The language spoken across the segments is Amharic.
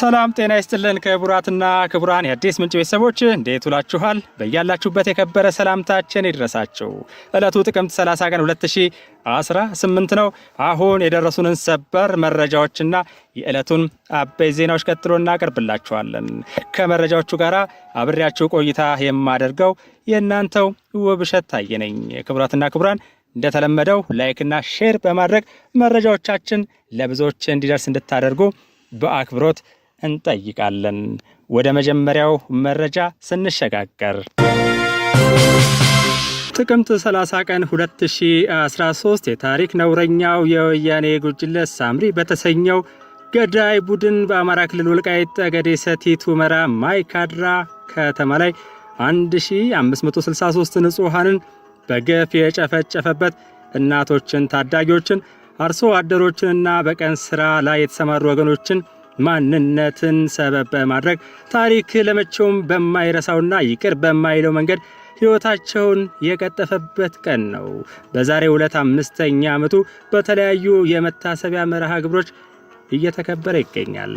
ሰላም ጤና ይስጥልን። ክቡራትና ክቡራን የአዲስ ምንጭ ቤተሰቦች እንዴት ውላችኋል? በያላችሁበት የከበረ ሰላምታችን ይድረሳችሁ። ዕለቱ ጥቅምት 30 ቀን 2018 ነው። አሁን የደረሱንን ሰበር መረጃዎችና የዕለቱን አበይ ዜናዎች ቀጥሎ እናቀርብላችኋለን። ከመረጃዎቹ ጋር አብሬያችሁ ቆይታ የማደርገው የእናንተው ውብሸት ታየ ነኝ። ክቡራትና ክቡራን እንደተለመደው ላይክና ሼር በማድረግ መረጃዎቻችን ለብዙዎች እንዲደርስ እንድታደርጉ በአክብሮት እንጠይቃለን። ወደ መጀመሪያው መረጃ ስንሸጋገር ጥቅምት 30 ቀን 2013 የታሪክ ነውረኛው የወያኔ ጉጅለ ሳምሪ በተሰኘው ገዳይ ቡድን በአማራ ክልል ወልቃይት ጠገዴ ሰቲት ሁመራ ማይካድራ ከተማ ላይ 1563 ንጹሐንን በገፍ የጨፈጨፈበት እናቶችን፣ ታዳጊዎችን፣ አርሶ አደሮችንና በቀን ስራ ላይ የተሰማሩ ወገኖችን ማንነትን ሰበብ በማድረግ ታሪክ ለመቼውም በማይረሳውና ይቅር በማይለው መንገድ ሕይወታቸውን የቀጠፈበት ቀን ነው። በዛሬ ዕለት አምስተኛ ዓመቱ በተለያዩ የመታሰቢያ መርሃ ግብሮች እየተከበረ ይገኛል።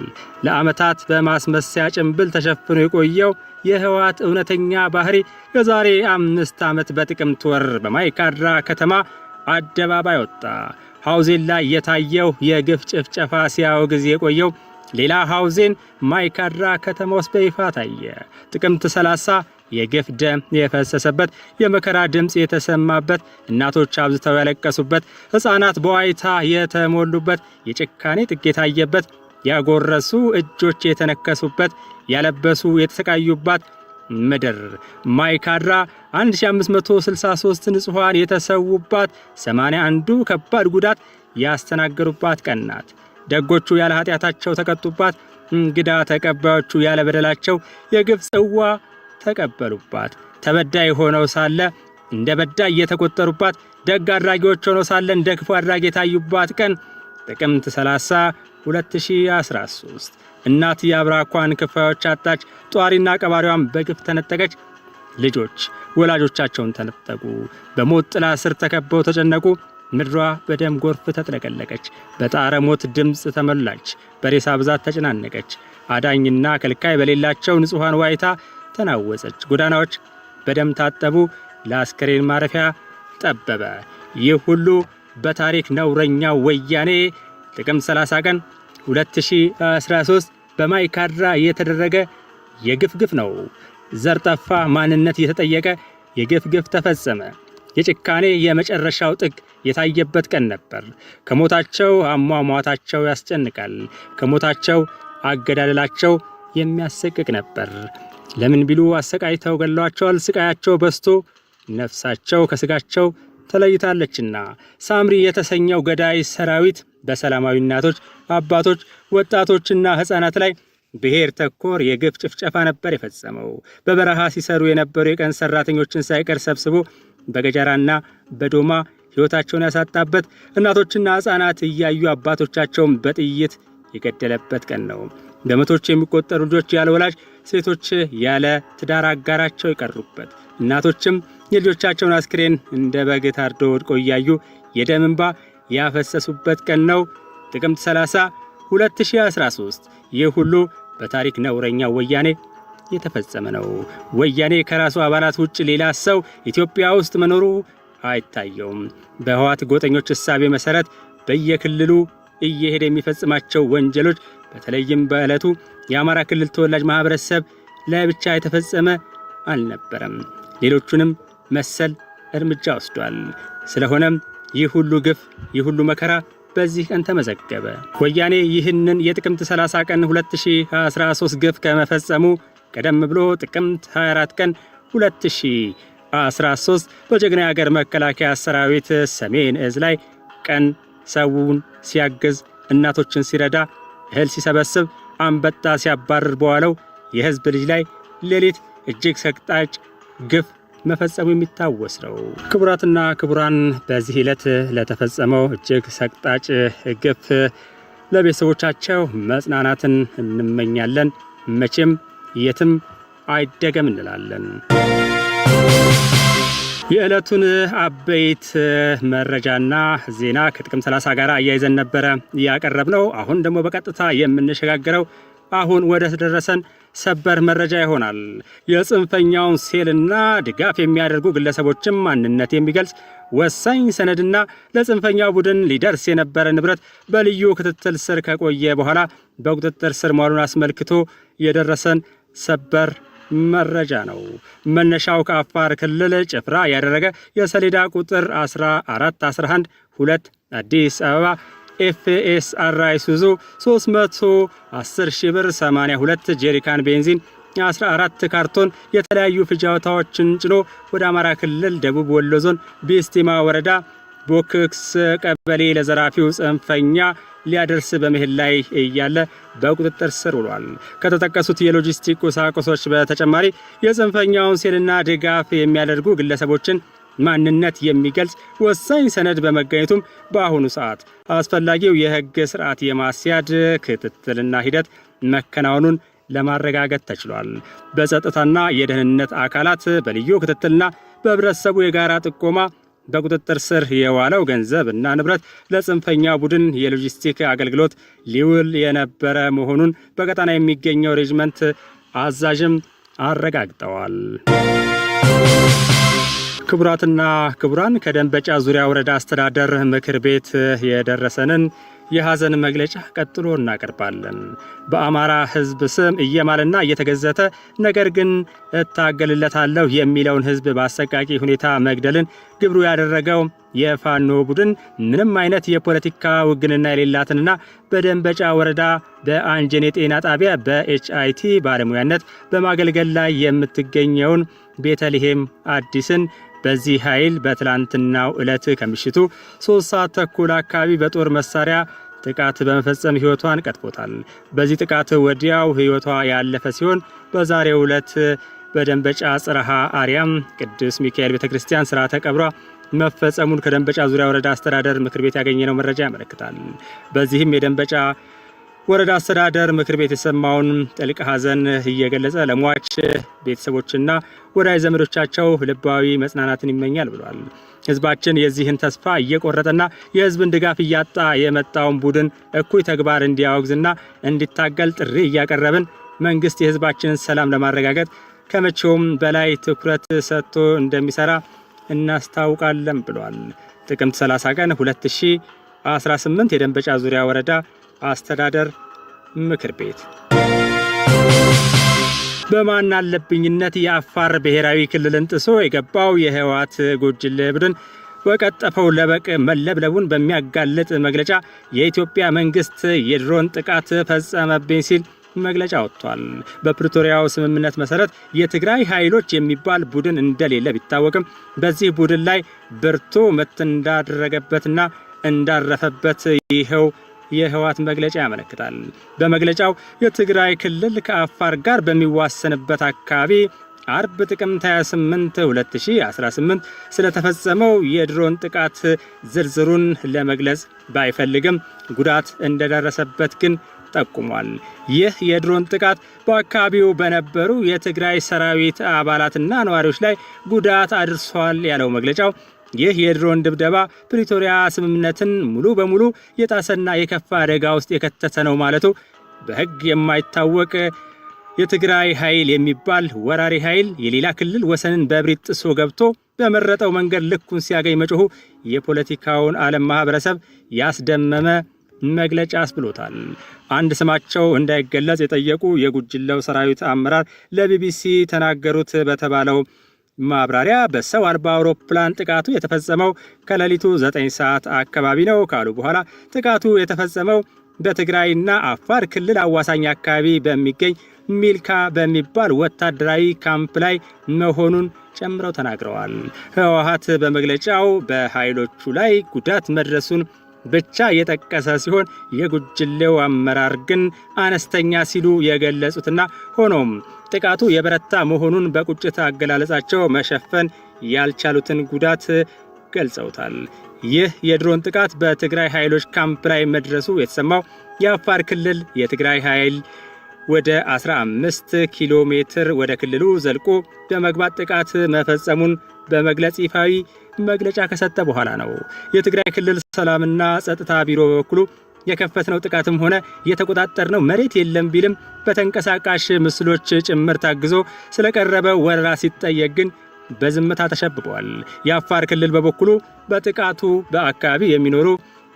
ለዓመታት በማስመሰያ ጭንብል ተሸፍኖ የቆየው የህወሓት እውነተኛ ባህሪ የዛሬ አምስት ዓመት በጥቅምት ወር በማይካድራ ከተማ አደባባይ ወጣ። ሐውዜን ላይ የታየው የግፍ ጭፍጨፋ ሲያወግዝ የቆየው ሌላ ሐውዜን ማይካድራ ከተማ ውስጥ በይፋ ታየ። ጥቅምት 30 የግፍ ደም የፈሰሰበት የመከራ ድምፅ የተሰማበት እናቶች አብዝተው ያለቀሱበት ሕፃናት በዋይታ የተሞሉበት የጭካኔ ጥግ የታየበት ያጎረሱ እጆች የተነከሱበት ያለበሱ የተሰቃዩባት ምድር ማይካድራ 1563 ንጹሐን የተሰዉባት 81ዱ ከባድ ጉዳት ያስተናገሩባት ቀን ናት። ደጎቹ ያለ ኃጢአታቸው ተቀጡባት፣ እንግዳ ተቀባዮቹ ያለ በደላቸው የግፍ ጽዋ ተቀበሉባት። ተበዳይ ሆነው ሳለ እንደ በዳይ የተቆጠሩባት፣ ደግ አድራጊዎች ሆነው ሳለ እንደ ክፉ አድራጊ የታዩባት ቀን ጥቅምት 30 2013 እናት የአብራኳን ክፋዮች አጣች። ጧሪና ቀባሪዋን በግፍ ተነጠቀች። ልጆች ወላጆቻቸውን ተነጠቁ። በሞት ጥላ ስር ተከበው ተጨነቁ። ምድሯ በደም ጎርፍ ተጥለቀለቀች፣ በጣረ ሞት ድምፅ ተሞላች፣ በሬሳ ብዛት ተጨናነቀች። አዳኝና ከልካይ በሌላቸው ንጹሐን ዋይታ ተናወጸች። ጎዳናዎች በደም ታጠቡ፣ ለአስከሬን ማረፊያ ጠበበ። ይህ ሁሉ በታሪክ ነውረኛው ወያኔ ጥቅምት 30 ቀን 2013 በማይካድራ የተደረገ የግፍ ግፍ ነው። ዘር ጠፋ ማንነት እየተጠየቀ የግፍ ግፍ ተፈጸመ። የጭካኔ የመጨረሻው ጥግ የታየበት ቀን ነበር። ከሞታቸው አሟሟታቸው ያስጨንቃል። ከሞታቸው አገዳደላቸው የሚያሰቅቅ ነበር። ለምን ቢሉ አሰቃይተው ገለዋቸዋል። ስቃያቸው በዝቶ ነፍሳቸው ከስጋቸው ተለይታለችና ሳምሪ የተሰኘው ገዳይ ሰራዊት በሰላማዊ እናቶች፣ አባቶች፣ ወጣቶችና ሕፃናት ላይ ብሔር ተኮር የግፍ ጭፍጨፋ ነበር የፈጸመው። በበረሃ ሲሰሩ የነበሩ የቀን ሰራተኞችን ሳይቀር ሰብስቦ በገጀራና በዶማ ሕይወታቸውን ያሳጣበት እናቶችና ሕፃናት እያዩ አባቶቻቸውን በጥይት የገደለበት ቀን ነው። በመቶች የሚቆጠሩ ልጆች ያለ ወላጅ፣ ሴቶች ያለ ትዳር አጋራቸው የቀሩበት፣ እናቶችም የልጆቻቸውን አስክሬን እንደ በግ ታርዶ ወድቆ እያዩ የደም እንባ ያፈሰሱበት ቀን ነው ጥቅምት 30 2013። ይህ ሁሉ በታሪክ ነውረኛው ወያኔ የተፈጸመ ነው። ወያኔ ከራሱ አባላት ውጭ ሌላ ሰው ኢትዮጵያ ውስጥ መኖሩ አይታየውም። በህዋት ጎጠኞች እሳቤ መሰረት በየክልሉ እየሄደ የሚፈጽማቸው ወንጀሎች በተለይም በዕለቱ የአማራ ክልል ተወላጅ ማህበረሰብ ላይ ብቻ የተፈጸመ አልነበረም። ሌሎቹንም መሰል እርምጃ ወስዷል። ስለሆነም ይህ ሁሉ ግፍ፣ ይህ ሁሉ መከራ በዚህ ቀን ተመዘገበ። ወያኔ ይህንን የጥቅምት 30 ቀን 2013 ግፍ ከመፈጸሙ ቀደም ብሎ ጥቅምት 24 ቀን 2013 በጀግና የሀገር መከላከያ ሰራዊት ሰሜን እዝ ላይ ቀን ሰውን ሲያግዝ እናቶችን ሲረዳ እህል ሲሰበስብ አንበጣ ሲያባርር በዋለው የህዝብ ልጅ ላይ ሌሊት እጅግ ሰቅጣጭ ግፍ መፈጸሙ የሚታወስ ነው። ክቡራትና ክቡራን በዚህ ዕለት ለተፈጸመው እጅግ ሰቅጣጭ ግፍ ለቤተሰቦቻቸው መጽናናትን እንመኛለን። መቼም የትም አይደገም እንላለን። የዕለቱን አበይት መረጃና ዜና ከጥቅም 30 ጋር አያይዘን ነበረ እያቀረብ ነው አሁን ደግሞ በቀጥታ የምንሸጋገረው አሁን ወደ ተደረሰን ሰበር መረጃ ይሆናል። የጽንፈኛውን ሴልና ድጋፍ የሚያደርጉ ግለሰቦችን ማንነት የሚገልጽ ወሳኝ ሰነድና ለጽንፈኛው ቡድን ሊደርስ የነበረ ንብረት በልዩ ክትትል ስር ከቆየ በኋላ በቁጥጥር ስር መዋሉን አስመልክቶ የደረሰን ሰበር መረጃ ነው። መነሻው ከአፋር ክልል ጭፍራ ያደረገ የሰሌዳ ቁጥር 14 11 2 አዲስ አበባ ኤፍኤስአር አይሱዙ 310 ሺህ ብር 82 ጄሪካን ቤንዚን 14 ካርቶን የተለያዩ ፍጆታዎችን ጭኖ ወደ አማራ ክልል ደቡብ ወሎ ዞን ቢስቲማ ወረዳ ቦክስ ቀበሌ ለዘራፊው ጽንፈኛ ሊያደርስ በመሄድ ላይ እያለ በቁጥጥር ስር ውሏል። ከተጠቀሱት የሎጂስቲክ ቁሳቁሶች በተጨማሪ የጽንፈኛውን ሴልና ድጋፍ የሚያደርጉ ግለሰቦችን ማንነት የሚገልጽ ወሳኝ ሰነድ በመገኘቱም በአሁኑ ሰዓት አስፈላጊው የህግ ስርዓት የማስያድ ክትትልና ሂደት መከናወኑን ለማረጋገጥ ተችሏል። በጸጥታና የደህንነት አካላት በልዩ ክትትልና በህብረተሰቡ የጋራ ጥቆማ በቁጥጥር ስር የዋለው ገንዘብ እና ንብረት ለጽንፈኛ ቡድን የሎጂስቲክ አገልግሎት ሊውል የነበረ መሆኑን በቀጠና የሚገኘው ሬጅመንት አዛዥም አረጋግጠዋል። ክቡራትና ክቡራን ከደንበጫ ዙሪያ ወረዳ አስተዳደር ምክር ቤት የደረሰንን የሐዘን መግለጫ ቀጥሎ እናቀርባለን። በአማራ ሕዝብ ስም እየማልና እየተገዘተ ነገር ግን እታገልለታለሁ የሚለውን ሕዝብ በአሰቃቂ ሁኔታ መግደልን ግብሩ ያደረገው የፋኖ ቡድን ምንም አይነት የፖለቲካ ውግንና የሌላትንና በደንበጫ ወረዳ በአንጀኔ ጤና ጣቢያ በኤችአይቲ ባለሙያነት በማገልገል ላይ የምትገኘውን ቤተልሔም አዲስን በዚህ ኃይል በትላንትናው ዕለት ከምሽቱ ሶስት ሰዓት ተኩል አካባቢ በጦር መሳሪያ ጥቃት በመፈጸም ህይወቷን ቀጥፎታል። በዚህ ጥቃት ወዲያው ህይወቷ ያለፈ ሲሆን በዛሬው ዕለት በደንበጫ ጽርሐ አርያም ቅዱስ ሚካኤል ቤተ ክርስቲያን ስርዓተ ቀብሯ መፈጸሙን ከደንበጫ ዙሪያ ወረዳ አስተዳደር ምክር ቤት ያገኘነው መረጃ ያመለክታል። በዚህም የደንበጫ ወረዳ አስተዳደር ምክር ቤት የተሰማውን ጥልቅ ሐዘን እየገለጸ ለሟች ቤተሰቦችና ወዳጅ ዘመዶቻቸው ልባዊ መጽናናትን ይመኛል ብሏል። ህዝባችን የዚህን ተስፋ እየቆረጠና የህዝብን ድጋፍ እያጣ የመጣውን ቡድን እኩይ ተግባር እንዲያወግዝና እንዲታገል ጥሪ እያቀረብን መንግስት የህዝባችንን ሰላም ለማረጋገጥ ከመቼውም በላይ ትኩረት ሰጥቶ እንደሚሰራ እናስታውቃለን ብሏል። ጥቅምት 30 ቀን 2018 የደንበጫ ዙሪያ ወረዳ አስተዳደር ምክር ቤት በማን አለብኝነት የአፋር ብሔራዊ ክልልን ጥሶ የገባው የህወሓት ጉጅል ቡድን በቀጠፈው ለበቅ መለብለቡን በሚያጋልጥ መግለጫ የኢትዮጵያ መንግስት የድሮን ጥቃት ፈጸመብኝ ሲል መግለጫ ወጥቷል። በፕሪቶሪያው ስምምነት መሰረት የትግራይ ኃይሎች የሚባል ቡድን እንደሌለ ቢታወቅም በዚህ ቡድን ላይ ብርቱ ምት እንዳደረገበትና እንዳረፈበት ይኸው የህወሓት መግለጫ ያመለክታል። በመግለጫው የትግራይ ክልል ከአፋር ጋር በሚዋሰንበት አካባቢ አርብ ጥቅምት 28 2018 ስለተፈጸመው የድሮን ጥቃት ዝርዝሩን ለመግለጽ ባይፈልግም ጉዳት እንደደረሰበት ግን ጠቁሟል። ይህ የድሮን ጥቃት በአካባቢው በነበሩ የትግራይ ሰራዊት አባላትና ነዋሪዎች ላይ ጉዳት አድርሷል ያለው መግለጫው ይህ የድሮን ድብደባ ፕሪቶሪያ ስምምነትን ሙሉ በሙሉ የጣሰና የከፋ አደጋ ውስጥ የከተተ ነው ማለቱ በሕግ የማይታወቅ የትግራይ ኃይል የሚባል ወራሪ ኃይል የሌላ ክልል ወሰንን በእብሪት ጥሶ ገብቶ በመረጠው መንገድ ልኩን ሲያገኝ መጮሁ የፖለቲካውን ዓለም ማህበረሰብ ያስደመመ መግለጫ አስብሎታል። አንድ ስማቸው እንዳይገለጽ የጠየቁ የጉጅለው ሰራዊት አመራር ለቢቢሲ ተናገሩት በተባለው ማብራሪያ በሰው አልባ አውሮፕላን ጥቃቱ የተፈጸመው ከሌሊቱ 9 ሰዓት አካባቢ ነው ካሉ በኋላ ጥቃቱ የተፈጸመው በትግራይና አፋር ክልል አዋሳኝ አካባቢ በሚገኝ ሚልካ በሚባል ወታደራዊ ካምፕ ላይ መሆኑን ጨምረው ተናግረዋል። ህወሓት በመግለጫው በኃይሎቹ ላይ ጉዳት መድረሱን ብቻ የጠቀሰ ሲሆን የጉጅሌው አመራር ግን አነስተኛ ሲሉ የገለጹትና ሆኖም ጥቃቱ የበረታ መሆኑን በቁጭት አገላለጻቸው መሸፈን ያልቻሉትን ጉዳት ገልጸውታል። ይህ የድሮን ጥቃት በትግራይ ኃይሎች ካምፕ ላይ መድረሱ የተሰማው የአፋር ክልል የትግራይ ኃይል ወደ 15 ኪሎ ሜትር ወደ ክልሉ ዘልቆ በመግባት ጥቃት መፈጸሙን በመግለጽ ይፋዊ መግለጫ ከሰጠ በኋላ ነው። የትግራይ ክልል ሰላምና ጸጥታ ቢሮ በበኩሉ የከፈትነው ጥቃትም ሆነ የተቆጣጠርነው መሬት የለም ቢልም በተንቀሳቃሽ ምስሎች ጭምር ታግዞ ስለቀረበ ወረራ ሲጠየቅ ግን በዝምታ ተሸብቧል። የአፋር ክልል በበኩሉ በጥቃቱ በአካባቢ የሚኖሩ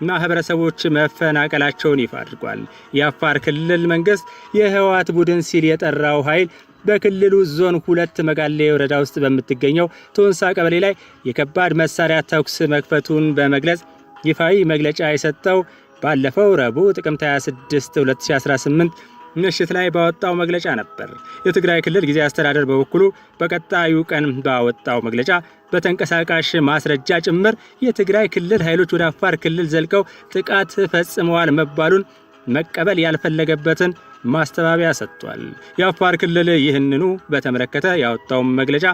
ማህበረሰቦች መፈናቀላቸውን ይፋ አድርጓል። የአፋር ክልል መንግስት የህወሓት ቡድን ሲል የጠራው ኃይል በክልሉ ዞን ሁለት መጋሌ ወረዳ ውስጥ በምትገኘው ቶንሳ ቀበሌ ላይ የከባድ መሳሪያ ተኩስ መክፈቱን በመግለጽ ይፋዊ መግለጫ የሰጠው ባለፈው ረቡዕ ጥቅምት 26 2018 ምሽት ላይ ባወጣው መግለጫ ነበር። የትግራይ ክልል ጊዜ አስተዳደር በበኩሉ በቀጣዩ ቀን ባወጣው መግለጫ በተንቀሳቃሽ ማስረጃ ጭምር የትግራይ ክልል ኃይሎች ወደ አፋር ክልል ዘልቀው ጥቃት ፈጽመዋል መባሉን መቀበል ያልፈለገበትን ማስተባበያ ሰጥቷል። የአፋር ክልል ይህንኑ በተመለከተ ያወጣውን መግለጫ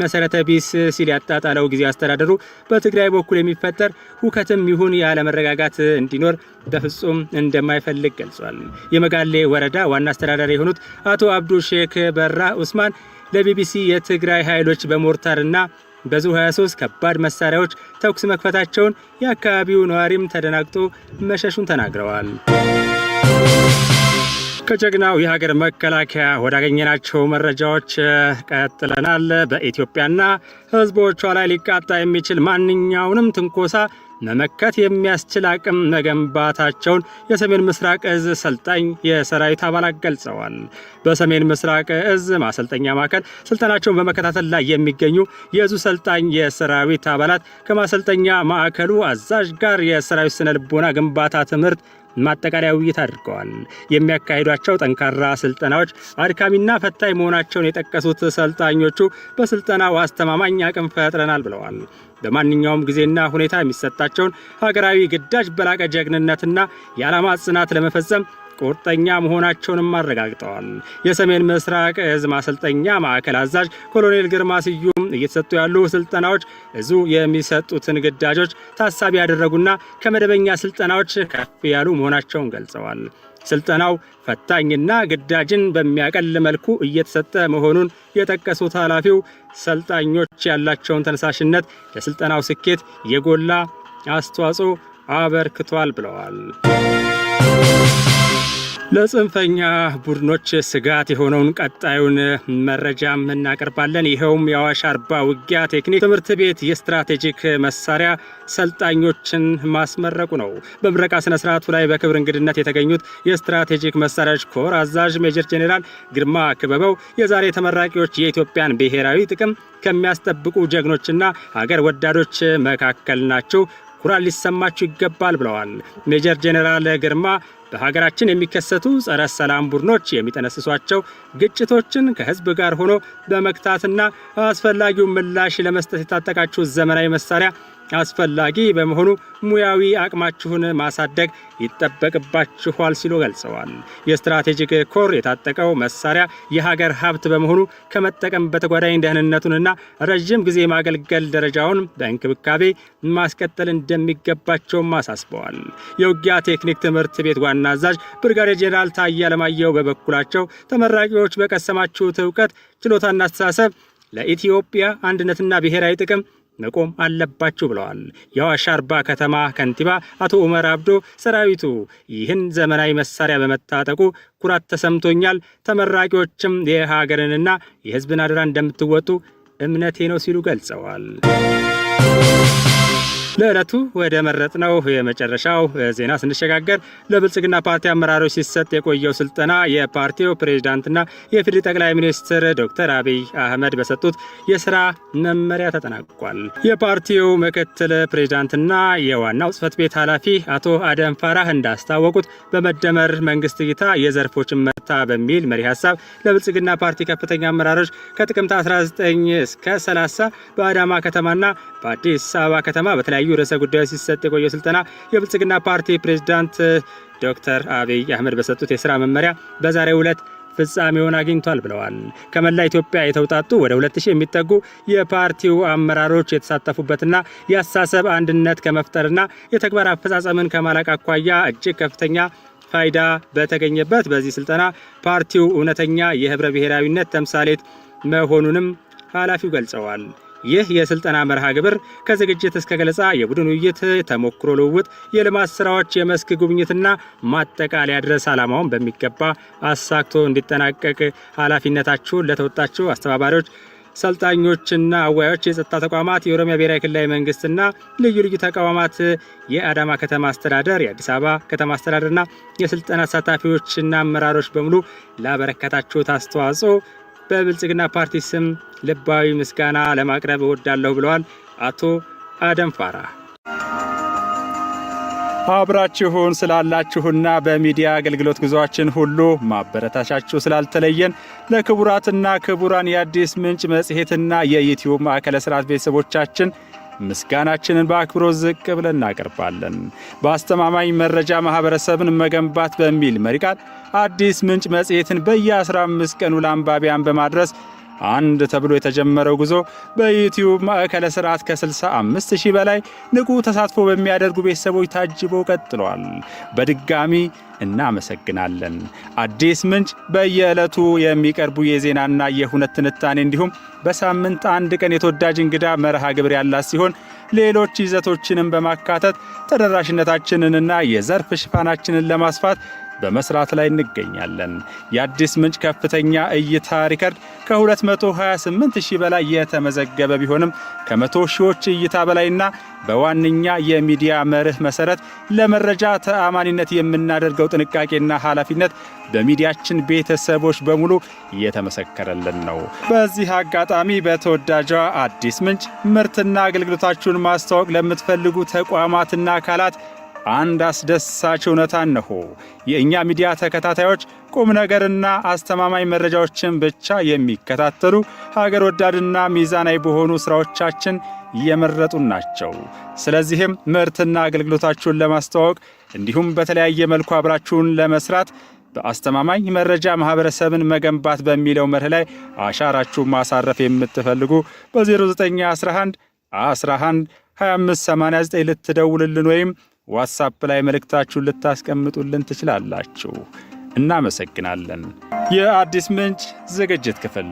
መሰረተ ቢስ ሲል ያጣጣለው ጊዜ አስተዳደሩ በትግራይ በኩል የሚፈጠር ሁከትም ይሁን ያለመረጋጋት እንዲኖር በፍጹም እንደማይፈልግ ገልጿል። የመጋሌ ወረዳ ዋና አስተዳዳሪ የሆኑት አቶ አብዱ ሼክ በራ ኡስማን ለቢቢሲ የትግራይ ኃይሎች በሞርታርና በዙ 23 ከባድ መሳሪያዎች ተኩስ መክፈታቸውን የአካባቢው ነዋሪም ተደናግጦ መሸሹን ተናግረዋል። ከጀግናው የሀገር መከላከያ ወዳገኘናቸው መረጃዎች ቀጥለናል። በኢትዮጵያና ሕዝቦቿ ላይ ሊቃጣ የሚችል ማንኛውንም ትንኮሳ መመከት የሚያስችል አቅም መገንባታቸውን የሰሜን ምስራቅ እዝ ሰልጣኝ የሰራዊት አባላት ገልጸዋል። በሰሜን ምስራቅ እዝ ማሰልጠኛ ማዕከል ስልጠናቸውን በመከታተል ላይ የሚገኙ የእዙ ሰልጣኝ የሰራዊት አባላት ከማሰልጠኛ ማዕከሉ አዛዥ ጋር የሰራዊት ስነ ልቦና ግንባታ ትምህርት ማጠቃለያ ውይይት አድርገዋል። የሚያካሂዷቸው ጠንካራ ስልጠናዎች አድካሚና ፈታኝ መሆናቸውን የጠቀሱት ሰልጣኞቹ በስልጠናው አስተማማኝ አቅም ፈጥረናል ብለዋል። በማንኛውም ጊዜና ሁኔታ የሚሰጣቸውን ሀገራዊ ግዳጅ በላቀ ጀግንነትና የዓላማ ጽናት ለመፈጸም ቁርጠኛ መሆናቸውንም አረጋግጠዋል። የሰሜን ምስራቅ እዝ ማሰልጠኛ ማዕከል አዛዥ ኮሎኔል ግርማ ስዩም እየተሰጡ ያሉ ስልጠናዎች እዙ የሚሰጡትን ግዳጆች ታሳቢ ያደረጉና ከመደበኛ ስልጠናዎች ከፍ ያሉ መሆናቸውን ገልጸዋል። ስልጠናው ፈታኝና ግዳጅን በሚያቀል መልኩ እየተሰጠ መሆኑን የጠቀሱት ኃላፊው ሰልጣኞች ያላቸውን ተነሳሽነት ለስልጠናው ስኬት የጎላ አስተዋጽኦ አበርክቷል ብለዋል። ለጽንፈኛ ቡድኖች ስጋት የሆነውን ቀጣዩን መረጃም እናቀርባለን። ይኸውም የአዋሽ አርባ ውጊያ ቴክኒክ ትምህርት ቤት የስትራቴጂክ መሳሪያ ሰልጣኞችን ማስመረቁ ነው። በምረቃ ስነ ስርዓቱ ላይ በክብር እንግድነት የተገኙት የስትራቴጂክ መሳሪያዎች ኮር አዛዥ ሜጀር ጄኔራል ግርማ ክበበው የዛሬ ተመራቂዎች የኢትዮጵያን ብሔራዊ ጥቅም ከሚያስጠብቁ ጀግኖችና ሀገር ወዳዶች መካከል ናቸው ኩራት ሊሰማችሁ ይገባል ብለዋል። ሜጀር ጄኔራል ግርማ በሀገራችን የሚከሰቱ ጸረ ሰላም ቡድኖች የሚጠነስሷቸው ግጭቶችን ከህዝብ ጋር ሆኖ በመግታትና አስፈላጊውን ምላሽ ለመስጠት የታጠቃችሁ ዘመናዊ መሳሪያ አስፈላጊ በመሆኑ ሙያዊ አቅማችሁን ማሳደግ ይጠበቅባችኋል ሲሉ ገልጸዋል። የስትራቴጂክ ኮር የታጠቀው መሳሪያ የሀገር ሀብት በመሆኑ ከመጠቀም በተጓዳኝ ደህንነቱንና ረዥም ጊዜ የማገልገል ደረጃውን በእንክብካቤ ማስቀጠል እንደሚገባቸውም አሳስበዋል። የውጊያ ቴክኒክ ትምህርት ቤት ዋና አዛዥ ብርጋዴር ጄኔራል ታዬ አለማየሁ በበኩላቸው ተመራቂዎች በቀሰማችሁት እውቀት ችሎታና አስተሳሰብ ለኢትዮጵያ አንድነትና ብሔራዊ ጥቅም መቆም አለባችሁ ብለዋል። የአዋሽ አርባ ከተማ ከንቲባ አቶ ኡመር አብዶ ሰራዊቱ ይህን ዘመናዊ መሳሪያ በመታጠቁ ኩራት ተሰምቶኛል፣ ተመራቂዎችም የሀገርንና የሕዝብን አደራ እንደምትወጡ እምነቴ ነው ሲሉ ገልጸዋል። ለዕለቱ ወደ ነው። የመጨረሻው ዜና ስንሸጋገር ለብልጽግና ፓርቲ አመራሮች ሲሰጥ የቆየው ስልጠና የፓርቲው ፕሬዚዳንትና የኢፌዴሪ ጠቅላይ ሚኒስትር ዶክተር አብይ አህመድ በሰጡት የስራ መመሪያ ተጠናቋል። የፓርቲው ምክትል ፕሬዚዳንትና የዋናው ጽህፈት ቤት ኃላፊ አቶ አደም ፋራህ እንዳስታወቁት በመደመር መንግስት እይታ የዘርፎችን መታ በሚል መሪ ሀሳብ ለብልጽግና ፓርቲ ከፍተኛ አመራሮች ከጥቅምት 19 እስከ 30 በአዳማ ከተማና በአዲስ አበባ ከተማ በተለያዩ በልዩ ርዕሰ ጉዳዮች ሲሰጥ የቆየው ስልጠና የብልጽግና ፓርቲ ፕሬዝዳንት ዶክተር አብይ አህመድ በሰጡት የስራ መመሪያ በዛሬው ዕለት ፍጻሜውን አግኝቷል ብለዋል። ከመላ ኢትዮጵያ የተውጣጡ ወደ 2000 የሚጠጉ የፓርቲው አመራሮች የተሳተፉበትና የአስተሳሰብ አንድነት ከመፍጠርና የተግባር አፈጻጸምን ከማላቅ አኳያ እጅግ ከፍተኛ ፋይዳ በተገኘበት በዚህ ስልጠና ፓርቲው እውነተኛ የህብረ ብሔራዊነት ተምሳሌት መሆኑንም ኃላፊው ገልጸዋል። ይህ የስልጠና መርሃ ግብር ከዝግጅት እስከ ገለጻ፣ የቡድን ውይይት፣ ተሞክሮ ልውውጥ፣ የልማት ስራዎች፣ የመስክ ጉብኝትና ማጠቃለያ ድረስ ዓላማውን በሚገባ አሳክቶ እንዲጠናቀቅ ኃላፊነታችሁን ለተወጣችሁ አስተባባሪዎች ሰልጣኞችና አዋዮች፣ የጸጥታ ተቋማት፣ የኦሮሚያ ብሔራዊ ክልላዊ መንግስትና ልዩ ልዩ ተቋማት፣ የአዳማ ከተማ አስተዳደር፣ የአዲስ አበባ ከተማ አስተዳደርና የስልጠና ተሳታፊዎችና አመራሮች በሙሉ ላበረከታችሁት አስተዋጽኦ በብልጽግና ፓርቲ ስም ልባዊ ምስጋና ለማቅረብ እወዳለሁ ብለዋል አቶ አደም ፋራ። አብራችሁን ስላላችሁና በሚዲያ አገልግሎት ጉዟችን ሁሉ ማበረታቻችሁ ስላልተለየን ለክቡራትና ክቡራን የአዲስ ምንጭ መጽሔትና የዩትዩብ ማዕከለ ስርዓት ቤተሰቦቻችን ምስጋናችንን በአክብሮት ዝቅ ብለን እናቀርባለን። በአስተማማኝ መረጃ ማኅበረሰብን መገንባት በሚል መሪ ቃል አዲስ ምንጭ መጽሔትን በየ15 ቀኑ ለአንባቢያን በማድረስ አንድ ተብሎ የተጀመረው ጉዞ በዩቲዩብ ማዕከለ ስርዓት ከ65 ሺህ በላይ ንቁ ተሳትፎ በሚያደርጉ ቤተሰቦች ታጅቦ ቀጥሏል። በድጋሚ እናመሰግናለን። አዲስ ምንጭ በየዕለቱ የሚቀርቡ የዜናና የሁነት ትንታኔ እንዲሁም በሳምንት አንድ ቀን የተወዳጅ እንግዳ መርሃ ግብር ያላት ሲሆን ሌሎች ይዘቶችንም በማካተት ተደራሽነታችንንና የዘርፍ ሽፋናችንን ለማስፋት በመስራት ላይ እንገኛለን። የአዲስ ምንጭ ከፍተኛ እይታ ሪከርድ ከ228 ሺህ በላይ የተመዘገበ ቢሆንም ከመቶ ሺዎች እይታ በላይና በዋነኛ የሚዲያ መርህ መሰረት ለመረጃ ተአማኒነት የምናደርገው ጥንቃቄና ኃላፊነት በሚዲያችን ቤተሰቦች በሙሉ እየተመሰከረልን ነው። በዚህ አጋጣሚ በተወዳጇ አዲስ ምንጭ ምርትና አገልግሎታችሁን ማስተዋወቅ ለምትፈልጉ ተቋማትና አካላት አንድ አስደሳች እውነታ እነሆ። የእኛ ሚዲያ ተከታታዮች ቁም ነገርና አስተማማኝ መረጃዎችን ብቻ የሚከታተሉ ሀገር ወዳድና ሚዛናዊ በሆኑ ሥራዎቻችን እየመረጡን ናቸው። ስለዚህም ምርትና አገልግሎታችሁን ለማስተዋወቅ እንዲሁም በተለያየ መልኩ አብራችሁን ለመስራት በአስተማማኝ መረጃ ማህበረሰብን መገንባት በሚለው መርህ ላይ አሻራችሁ ማሳረፍ የምትፈልጉ በ0911 11 2589 ልትደውልልን ወይም ዋትሳፕ ላይ መልእክታችሁን ልታስቀምጡልን ትችላላችሁ። እናመሰግናለን። የአዲስ ምንጭ ዝግጅት ክፍል